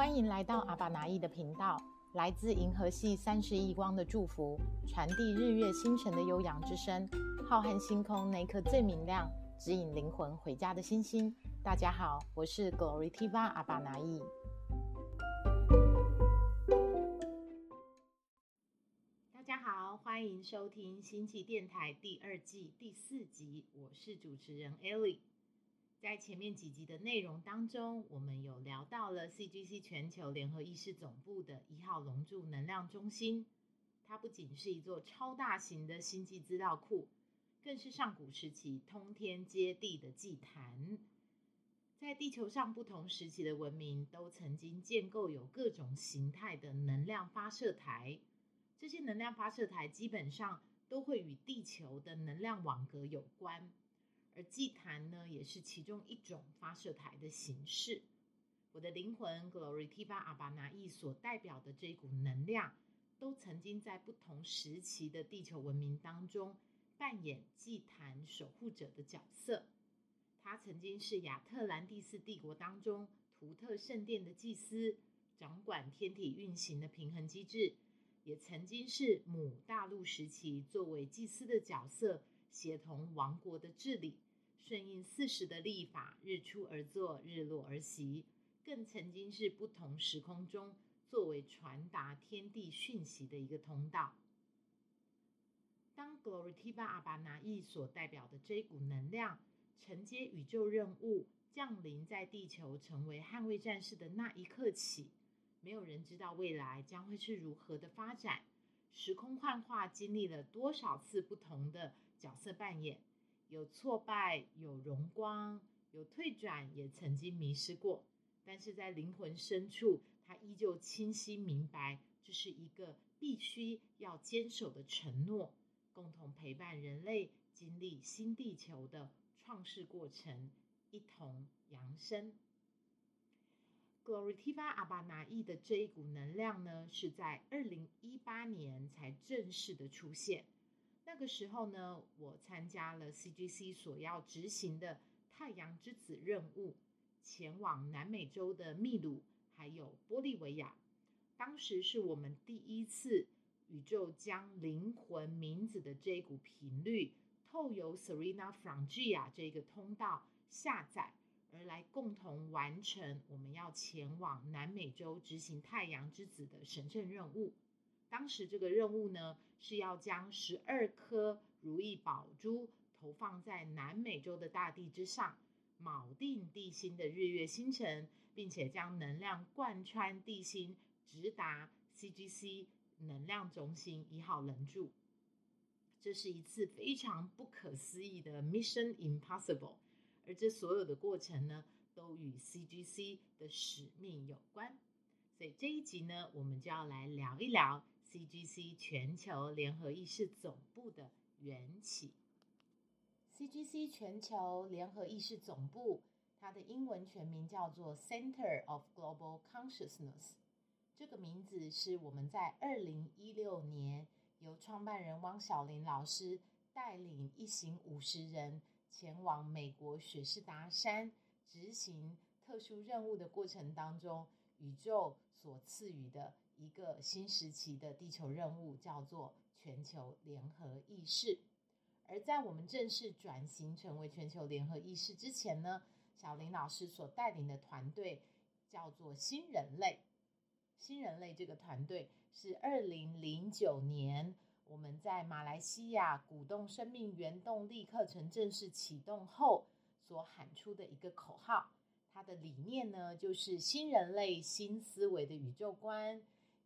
歡迎來到阿巴拿意的頻道，來自銀河系三十億光的祝福，傳遞日月星辰的悠揚之聲。浩瀚星空那顆最明亮，指引靈魂回家的星星。大家好，我是 Glory Tiva 阿巴拿意。大家好，歡迎收聽星際電台第二季第四集，我是主持人 Ellie。在前面幾集的內容當中，我們有聊到了 CGC 全球聯合意識總部的一號龍柱能量中心。它不僅是一座超大型的星際資料庫，更是上古時期通天接地的祭壇。在地球上不同時期的文明都曾經建構有各種形態的能量發射台。這些能量發射台基本上都會與地球的能量網格有關。而祭壇呢，也是其中一種發射台的形式。我的靈魂 Glory Tiva Abanayee 所代表的這一股能量，都曾經在不同時期的地球文明當中扮演祭壇守護者的角色。他曾經是亞特蘭蒂斯帝國當中圖特聖殿的祭司，掌管天體運行的平衡機制；也曾經是姆大陸時期作為祭司的角色。協同王國的治理，順應四時的立法，日出而作，日落而息。更曾經是不同時空中作為傳達天地訊息的一個通道。當 Glorytiva Abanayee 所代表的這一股能量承接宇宙任務，降臨在地球，成為捍衛戰士的那一刻起，沒有人知道未來將會是如何的發展。時空幻化經歷了多少次不同的。角色扮演，有挫敗，有榮光，有退轉，也曾經迷失過。但是在靈魂深處，他依舊清晰明白，這是一個必須要堅守的承諾。共同陪伴人類經歷新地球的創世過程，一同揚升。Glorytiva 阿巴拿伊的這一股能量呢，是在二零一八年才正式的出現。這個時候呢，我參加了 CGC 所要執行的太陽之子任務，前往南美洲的秘魯還有玻利維亞。當時是我們第一次宇宙將靈魂名字的這一股頻率，透由 Serena Frangia 這個通道下載，而來共同完成我們要前往南美洲執行太陽之子的神聖任務。當時這個任務呢，是要將十二顆如意寶珠投放在南美洲的大地之上，錨定地心的日月星辰，並且將能量貫穿地心，直達 CGC 能量中心一號稜柱。這是一次非常不可思議的 mission impossible，而這所有的過程呢，都與 CGC 的使命有關。所以這一集呢，我們就要來聊一聊。CGC 全球聯合意識總部的緣起。CGC 全球聯合意識總部，它的英文全名叫做 Center of Global Consciousness。這個名字是我們在二零一六年由創辦人汪筱玲老師帶領一行五十人前往美國雪士達山執行特殊任務的過程當中，宇宙所賜予的。一個新時期的地球任務叫做全球聯合意識，而在我們正式轉型成為全球聯合意識之前呢，筱玲老師所帶領的團隊叫做新人類。新人類這個團隊是二零零九年我們在馬來西亞鼓動生命原動力課程正式啟動後所喊出的一個口號。它的理念呢，就是新人類新思維的宇宙觀。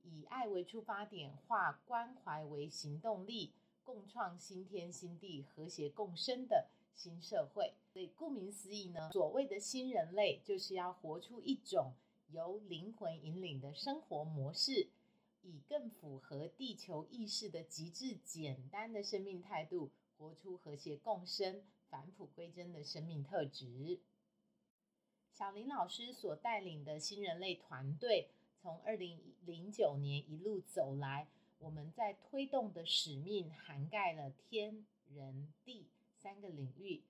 以愛為出發點，化關懷為行動力，共創新天新地，和諧共生的新社會。所以，顧名思義呢，所謂的新人類，就是要活出一種由靈魂引領的生活模式，以更符合地球意識的極致簡單的生命態度，活出和諧共生、返璞歸真的生命特質。筱玲老師所帶領的新人類團隊。從二零零九年一路走來，我們在推動的使命涵蓋了天、人、地三個領域。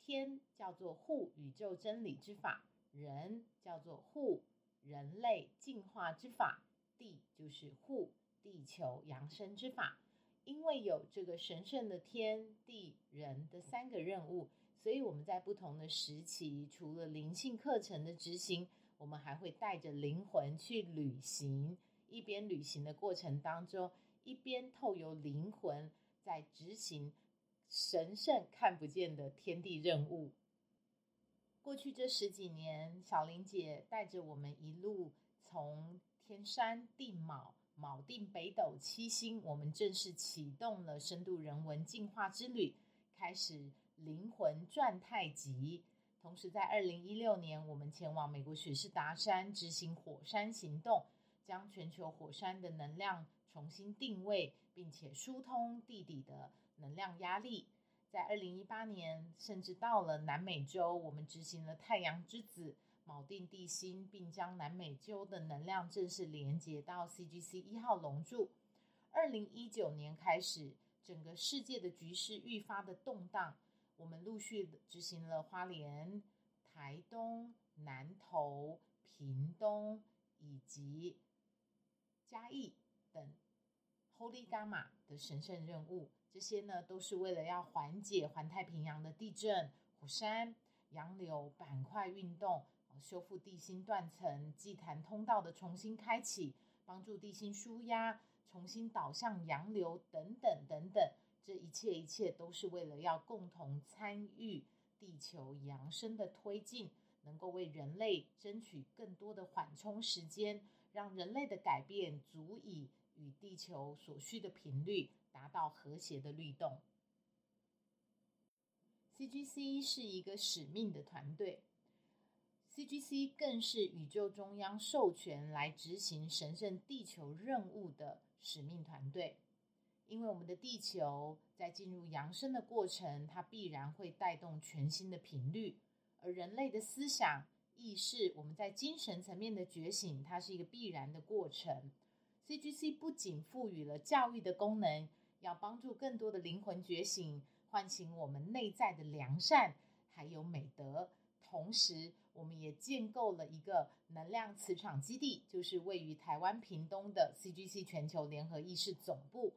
天叫做護宇宙真理之法，人叫做護人類進化之法，地就是護地球揚升之法。因為有這個神聖的天地人的三個任務，所以我們在不同的時期，除了靈性課程的執行。我們還會帶着靈魂去旅行，一邊旅行的過程當中，一邊透由靈魂在執行神聖看不見的天地任務。過去這十幾年，筱玲姐帶着我們一路從天山定錨，錨定北斗七星，我們正式啟動了深度人文淨化之旅，開始靈魂轉太極。同時，在二零一六年，我們前往美國雪士達山執行火山行動，將全球火山的能量重新定位，並且疏通地底的能量壓力。在二零一八年，甚至到了南美洲，我們執行了太陽之子錨定地心，並將南美洲的能量正式連接到 CGC 一號龍柱。二零一九年開始，整個世界的局勢愈發的動盪。我們陸續執行了花蓮、台東、南投、屏東以及嘉義等 Holy Gamma 的神聖任務。這些呢，都是為了要緩解環太平洋的地震、火山、洋流、板塊運動，修復地心斷層、祭壇通道的重新開啟，幫助地心紓壓重新導向洋流等等等等。等等這一切，一切都是為了要共同參與地球揚升的推進，能夠為人類爭取更多的緩衝時間，讓人類的改變足以與地球所需的頻率達到和諧的律動。CGC 是一個使命的團隊，CGC 更是宇宙中央授權來執行神聖地球任務的使命團隊。因為我們的地球在進入揚升的過程，它必然會帶動全新的頻率，而人類的思想意識，我們在精神層面的覺醒，它是一個必然的過程。CGC 不僅賦予了教育的功能，要幫助更多的靈魂覺醒，喚醒我們內在的良善還有美德，同時我們也建構了一個能量磁場基地，就是位於台灣屏東的 CGC 全球聯合意識總部。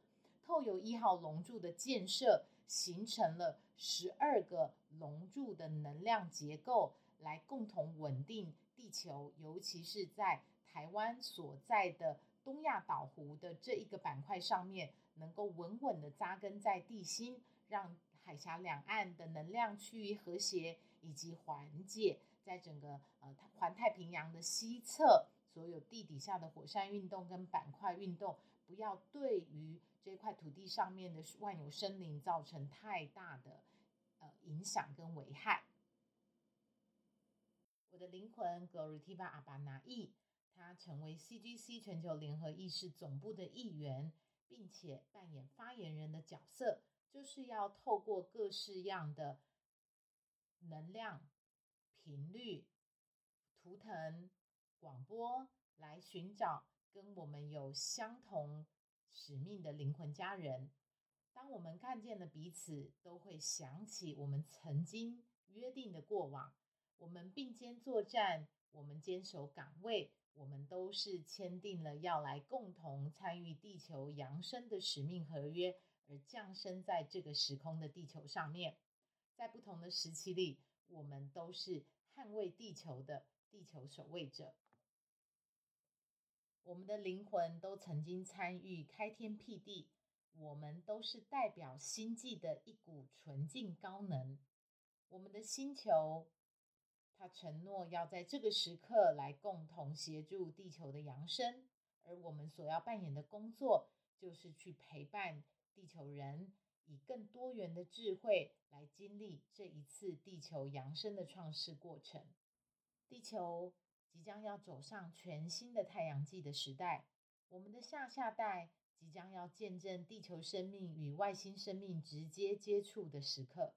透由一號龍柱的建設，形成了十二個龍柱的能量結構，來共同穩定地球，尤其是在台灣所在的東亞島弧的這一個板塊上面，能夠穩穩的扎根在地心，讓海峽兩岸的能量趨於和諧，以及緩解在整個呃環太平洋的西側所有地底下的火山運動跟板塊運動。不要對於這塊土地上面的萬有生靈造成太大的呃影響跟危害。我的靈魂 Glorytiva Abanayee，他成為 CGC 全球聯合意識總部的一員，並且扮演發言人的角色，就是要透過各式樣的能量、頻率、圖騰、廣播來尋找，跟我們有相同使命的靈魂家人，當我們看見了彼此，都會想起我們曾經約定的過往。我們並肩作戰，我們堅守崗位，我們都是簽訂了要來共同參與地球揚升的使命合約，而降生在這個時空的地球上面。在不同的時期裡，我們都是捍衛地球的地球守衛者。我們的靈魂都曾經參與開天闢地，我們都是代表星際的一股純淨高能。我們的星球，他承諾要在這個時刻來共同協助地球的揚升，而我們所要扮演的工作，就是去陪伴地球人，以更多元的智慧來經歷這一次地球揚升的創世過程。地球即將要走上全新的太陽系的時代，我們的下下代即將要見證地球生命與外星生命直接接觸的時刻。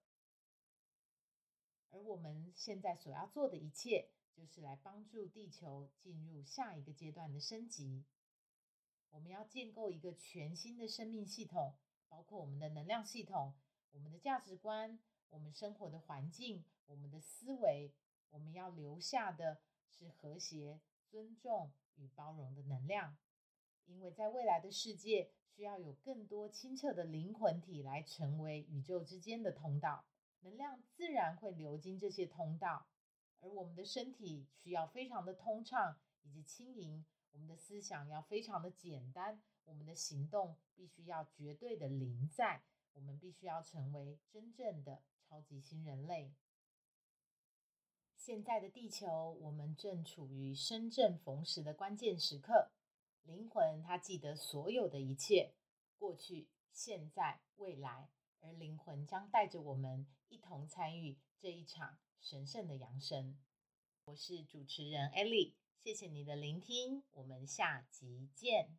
而我們現在所要做的一切，就是來幫助地球進入下一個階段的升級。我們要建構一個全新的生命系統，包括我們的能量系統、我們的價值觀、我們生活的環境、我們的思維，我們要留下的。是和諧、尊重與包容的能量，因為在未來的世界，需要有更多清澈的靈魂體來成為宇宙之間的通道，能量自然會流經這些通道。而我們的身體需要非常的通暢以及輕盈，我們的思想要非常的簡單，我們的行動必須要絕對的臨在，我們必須要成為真正的超級新人類。現在的地球，我們正處於生正逢時的關鍵時刻。靈魂它記得所有的一切，過去、現在、未來，而靈魂將帶着我們一同參與這一場神聖的揚升。我是主持人艾莉，謝謝你的聆聽，我們下集見。